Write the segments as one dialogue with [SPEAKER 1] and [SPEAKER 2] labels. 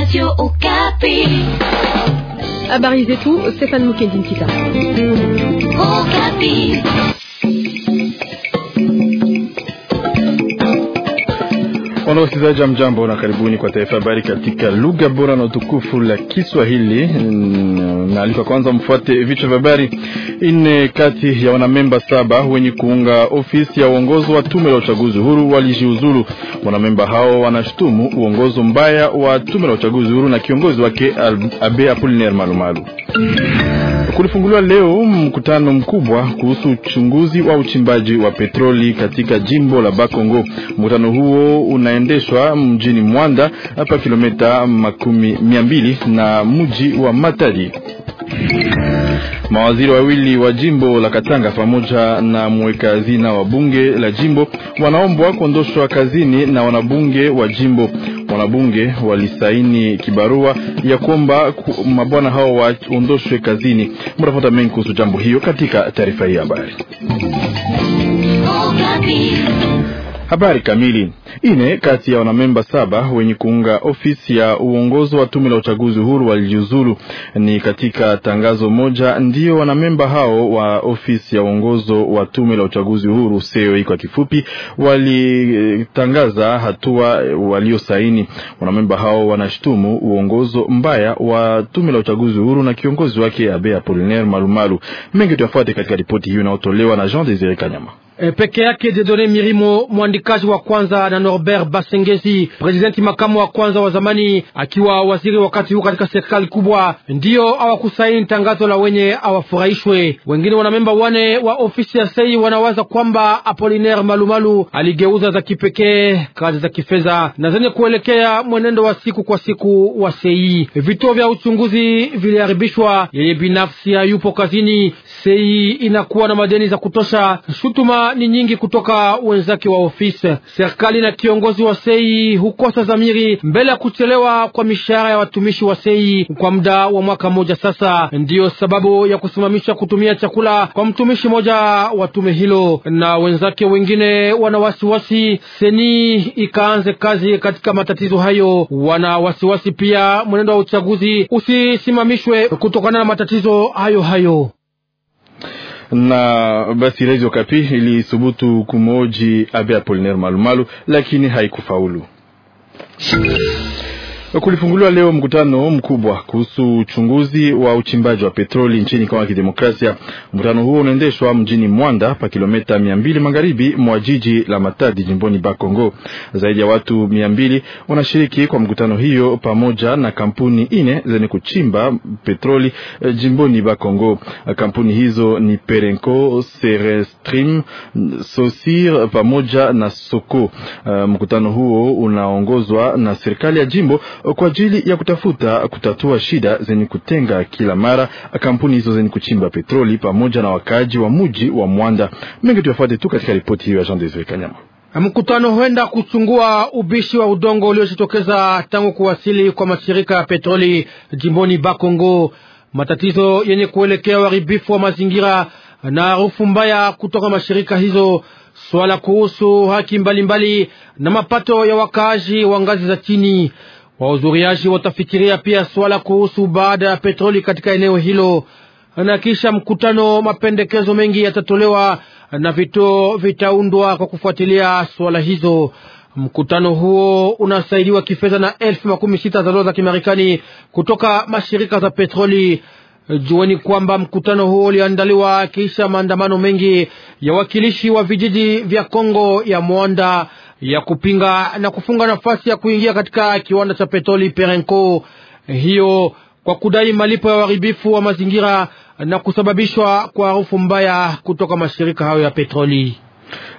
[SPEAKER 1] Radio Okapi. Habari zetu, Stefan Mukendi Nkita. Okapi.
[SPEAKER 2] Wapenda wasikilizaji, mjambo na karibuni kwa taarifa habari katika lugha bora na utukufu la Kiswahili. Na kwanza mfuate vichwa vya habari. ine kati ya wanamemba saba wenye kuunga ofisi ya uongozi wa tume la uchaguzi huru walijiuzulu. Wanamemba hao wanashutumu uongozi mbaya wa tume la uchaguzi huru na kiongozi wake Abe Apollinaire Malumalu. Kulifunguliwa leo mkutano mkubwa kuhusu uchunguzi wa uchimbaji wa petroli katika jimbo la Bakongo. Mkutano huo unaendeshwa mjini Mwanda hapa kilomita makumi mia mbili na mji wa Matadi. Mawaziri wawili wa jimbo la Katanga pamoja na mweka hazina wa bunge la jimbo wanaombwa kuondoshwa kazini na wanabunge wa jimbo wanabunge walisaini kibarua ya kuomba mabwana hao waondoshwe kazini. Mtafuta mengi kuhusu jambo hiyo katika taarifa hii habari. Oh, habari kamili Ine kati ya wanamemba saba wenye kuunga ofisi ya uongozi wa tume la uchaguzi huru walijiuzulu. Ni katika tangazo moja ndio wanamemba hao wa ofisi ya uongozo wa tume la uchaguzi huru seo kwa kifupi, walitangaza hatua waliosaini. Wanamemba hao wanashtumu uongozo mbaya wa tume la uchaguzi huru na kiongozi wake Abe Apolinaire Malumalu. Mengi tuyafuate katika ripoti hiyo inayotolewa na Jean Desire Kanyama.
[SPEAKER 3] E, peke yake Dedone Mirimo mwandikaji wa kwanza na Norbert Basengezi, presidenti makamu wa kwanza wa zamani, akiwa waziri wakati huu katika serikali kubwa, ndiyo awakusaini tangazo la wenye awafurahishwe. Wengine wanamemba wane wa ofisi ya sei wanawaza kwamba Apolinaire Malumalu aligeuza za kipekee kazi za kifedha na zenye kuelekea mwenendo wa siku kwa siku wa sei. Vituo vya uchunguzi viliharibishwa, yeye binafsi hayupo kazini, sei inakuwa na madeni za kutosha. Shutuma ni nyingi kutoka wenzake wa ofisi serikali ya kiongozi wa sei hukosa zamiri mbele ya kuchelewa kwa mishahara ya watumishi wa sei kwa muda wa mwaka mmoja sasa. Ndiyo sababu ya kusimamisha kutumia chakula kwa mtumishi mmoja wa tume hilo na wenzake wengine wana wasiwasi seni ikaanze kazi katika matatizo hayo. Wana wasiwasi pia mwenendo wa uchaguzi usisimamishwe kutokana na matatizo hayo hayo
[SPEAKER 2] na basi Radio Kapi ilisubutu kumoji Abe Apolinaire Malumalu, lakini haikufaulu. Kulifunguliwa leo mkutano mkubwa kuhusu uchunguzi wa uchimbaji wa petroli nchini Kongo ya Kidemokrasia. Mkutano huo unaendeshwa mjini Mwanda pa kilomita mia mbili magharibi mwa jiji la Matadi jimboni Bakongo. Zaidi ya watu mia mbili wanashiriki kwa mkutano hiyo pamoja na kampuni ine zenye kuchimba petroli eh, jimboni Bakongo. Kampuni hizo ni Perenco, Serestrim, Sosir pamoja na Soko. Eh, mkutano huo unaongozwa na serikali ya jimbo kwa ajili ya kutafuta kutatua shida zenye kutenga kila mara kampuni hizo zenye kuchimba petroli pamoja na wakaaji wa muji wa Mwanda. Mengi tuyafuate tu katika ripoti hiyo ya Jean Desire Kanyama.
[SPEAKER 3] Mkutano huenda kuchungua ubishi wa udongo uliojitokeza tangu kuwasili kwa mashirika ya petroli jimboni Bakongo, matatizo yenye kuelekea uharibifu wa mazingira na harufu mbaya kutoka mashirika hizo, swala kuhusu haki mbalimbali mbali na mapato ya wakaaji wa ngazi za chini. Wahudhuriaji watafikiria pia swala kuhusu baada ya petroli katika eneo hilo, na kisha mkutano, mapendekezo mengi yatatolewa na vituo vitaundwa kwa kufuatilia swala hizo. Mkutano huo unasaidiwa kifedha na elfu makumi sita za dola za Kimarekani kutoka mashirika za petroli. Jueni kwamba mkutano huo uliandaliwa kisha maandamano mengi ya wakilishi wa vijiji vya Kongo ya Mwanda ya kupinga na kufunga nafasi ya kuingia katika kiwanda cha petroli Perenco, hiyo kwa kudai malipo ya uharibifu wa mazingira na kusababishwa kwa harufu mbaya kutoka mashirika hayo ya petroli.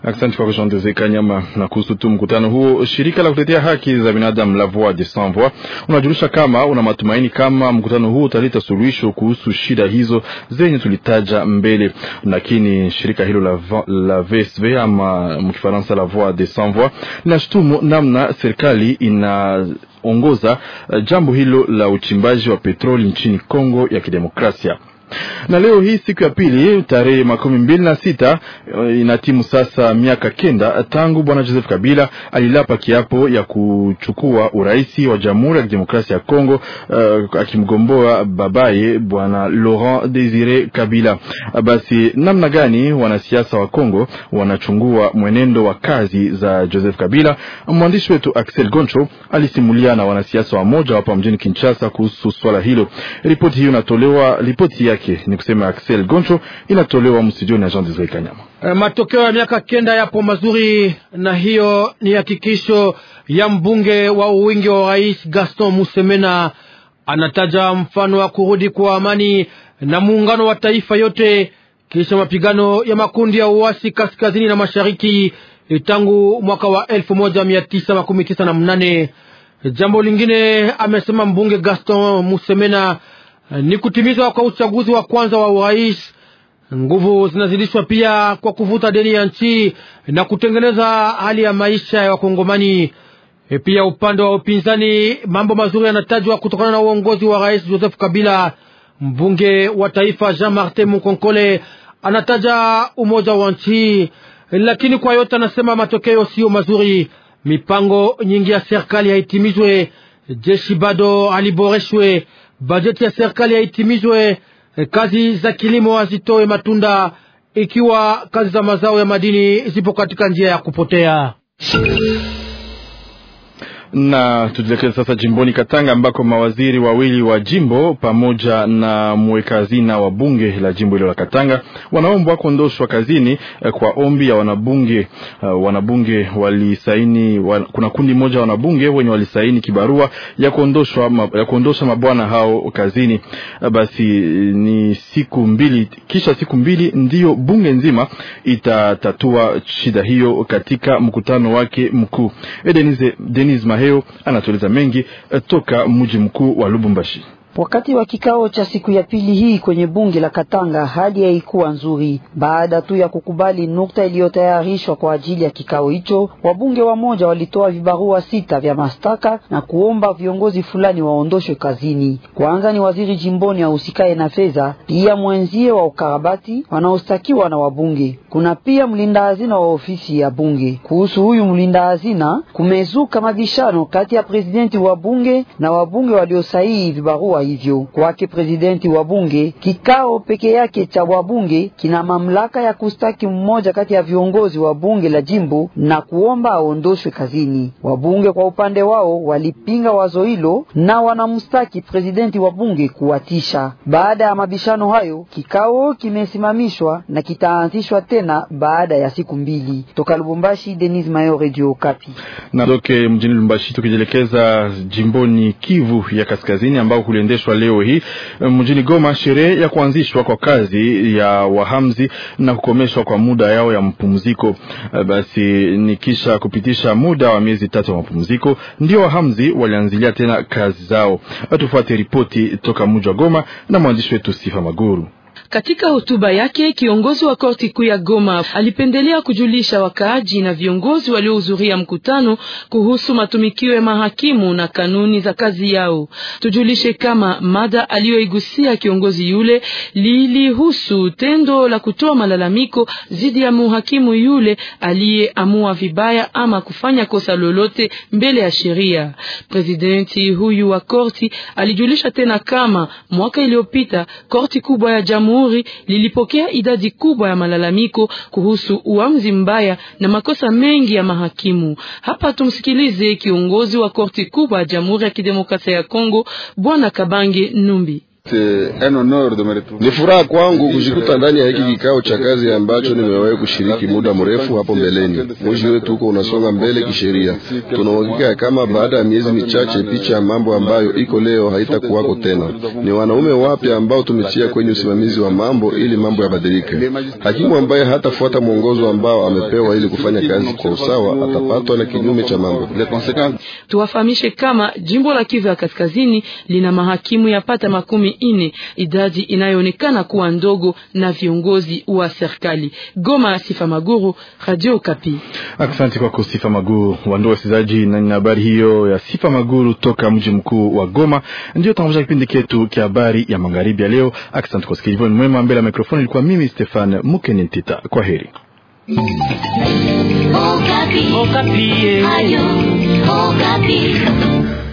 [SPEAKER 2] Asante kwa Jean nyama Na kuhusu tu mkutano huo, shirika la kutetea haki za binadamu la Voix des Sans Voix unajulisha kama una matumaini kama mkutano huo utaleta suluhisho kuhusu shida hizo zenye tulitaja mbele, lakini shirika hilo la, la VSV ama mkifaransa la Voix des Sans Voix linashutumu namna serikali ina ongoza eh, jambo hilo la uchimbaji wa petroli nchini Kongo ya Kidemokrasia. Na leo hii siku ya pili tarehe makumi mbili na sita eh, inatimu sasa miaka kenda tangu bwana Joseph Kabila alilapa kiapo ya kuchukua uraisi wa Jamhuri ya Kidemokrasia ya Kongo, uh, akimgomboa babaye bwana Laurent Desire Kabila. Basi namna gani wanasiasa wa Kongo wanachungua mwenendo wa kazi za Joseph Kabila? Mwandishi wetu Axel Goncho alisimulia na wanasiasa wa moja wapa mjini Kinshasa kuhusu swala hilo. Ripoti hiyo inatolewa, ripoti ya yake ni kusema Axel Goncho inatolewa mstudio na Jean Desire Kanyama.
[SPEAKER 3] E, matokeo ya miaka kenda yapo mazuri, na hiyo ni hakikisho ya mbunge wa uwingi wa rais Gaston Musemena. Anataja mfano wa kurudi kwa amani na muungano wa taifa yote kisha mapigano ya makundi ya uasi kaskazini na mashariki eh, tangu mwaka wa 1998. Jambo lingine amesema mbunge Gaston Musemena Eh, ni kutimizwa kwa uchaguzi wa kwanza wa urais. Nguvu zinazidishwa pia kwa kuvuta deni ya nchi na kutengeneza hali ya maisha ya Wakongomani. E, pia upande wa upinzani mambo mazuri yanatajwa kutokana na uongozi wa Rais Joseph Kabila. Mbunge wa taifa Jean Martin Mukonkole anataja umoja wa nchi, lakini kwa yote anasema matokeo siyo mazuri. Mipango nyingi ya serikali haitimizwe, jeshi bado haliboreshwe bajeti ya serikali yahitimizwe, eh, kazi za kilimo hazitoe matunda ikiwa kazi za mazao ya madini zipo katika njia ya kupotea
[SPEAKER 2] na tujielekeze sasa jimboni Katanga ambako mawaziri wawili wa jimbo pamoja na mweka hazina wa bunge la jimbo hilo la Katanga wanaombwa kuondoshwa kazini eh, kwa ombi ya wanabunge. Uh, wanabunge walisaini kuna kundi moja ya wanabunge wenye walisaini kibarua ya kuondosha ya kuondosha mabwana hao kazini. Eh, basi ni siku mbili, kisha siku mbili ndiyo bunge nzima itatatua shida hiyo katika mkutano wake mkuu. E, Denise, Denise hiyo anatueleza mengi eh, toka mji mkuu wa Lubumbashi.
[SPEAKER 4] Wakati wa kikao cha siku ya pili hii kwenye bunge la Katanga, hali haikuwa nzuri. Baada tu ya kukubali nukta iliyotayarishwa kwa ajili ya kikao hicho, wabunge wamoja walitoa vibarua sita vya mashtaka na kuomba viongozi fulani waondoshwe kazini. Kwanza ni waziri jimboni ahusikaye na fedha, pia mwenzie wa ukarabati wanaostakiwa na wabunge. Kuna pia mlinda hazina wa ofisi ya bunge. Kuhusu huyu mlinda hazina, kumezuka mabishano kati ya presidenti wa bunge na wabunge waliosahihi vibarua hivyo. Kwake prezidenti wa bunge, kikao peke yake cha wabunge kina mamlaka ya kustaki mmoja kati ya viongozi wa bunge la jimbo na kuomba aondoshwe kazini. Wabunge kwa upande wao walipinga wazo hilo na wanamstaki prezidenti wa bunge kuwatisha. Baada ya mabishano hayo, kikao kimesimamishwa na kitaanzishwa tena baada ya siku mbili. Toka Lubumbashi, Denis Mayo, Radio Okapi.
[SPEAKER 2] Na doke mjini Lubumbashi tukijielekeza jimboni Kivu ya Kaskazini ambao kuliende iliendeshwa leo hii eh, mjini Goma, sherehe ya kuanzishwa kwa kazi ya wahamzi na kukomeshwa kwa muda yao ya mapumziko. Eh, basi ni kisha kupitisha muda wa miezi tatu ya mapumziko, ndio wahamzi walianzilia tena kazi zao. Eh, tufuate ripoti toka mji wa Goma na mwandishi wetu Sifa Maguru.
[SPEAKER 1] Katika hotuba yake kiongozi wa korti kuu ya Goma alipendelea kujulisha wakaaji na viongozi waliohudhuria mkutano kuhusu matumikio ya mahakimu na kanuni za kazi yao. Tujulishe kama mada aliyoigusia kiongozi yule lilihusu tendo la kutoa malalamiko dhidi ya muhakimu yule aliyeamua vibaya ama kufanya kosa lolote mbele ya sheria. Presidenti huyu wa korti alijulisha tena kama mwaka iliyopita korti kubwa ya jamhuri Jamhuri lilipokea idadi kubwa ya malalamiko kuhusu uamuzi mbaya na makosa mengi ya mahakimu. Hapa tumsikilize kiongozi wa korti kubwa ya Jamhuri ya Kidemokrasia ya Kongo, Bwana Kabange Numbi.
[SPEAKER 2] Ni furaha kwangu kujikuta ndani ya hiki kikao cha kazi ambacho nimewahi kushiriki muda mrefu hapo mbeleni. Mji wetu huko unasonga mbele kisheria. Tuna uhakika kama baada ya miezi michache picha ya mambo ambayo iko leo haitakuwako tena. Ni wanaume wapya ambao tumetia kwenye usimamizi wa mambo ili mambo yabadilike. Hakimu ambaye hatafuata mwongozo ambao amepewa ili kufanya kazi kwa usawa atapatwa na kinyume cha mambo.
[SPEAKER 1] Tuwafahamishe kama jimbo la Kivu ya Kaskazini lina mahakimu yapata makumi makumi ine, idadi inayoonekana kuwa ndogo na viongozi wa serikali. Goma, Sifa Maguru, Radio Kapi.
[SPEAKER 2] Asante kwako Sifa Maguru. Wandugu wasikilizaji, na habari hiyo ya Sifa Maguru toka mji mkuu wa Goma ndio tamamusha kipindi ketu kya habari ya magharibi ya leo. Asante kwa kusikiliza. Ni mwema mbele ya mikrofoni ilikuwa mimi Stefan Mukenitita. Kwa heri.
[SPEAKER 1] Okapi. Okapi. Ayo. Okapi.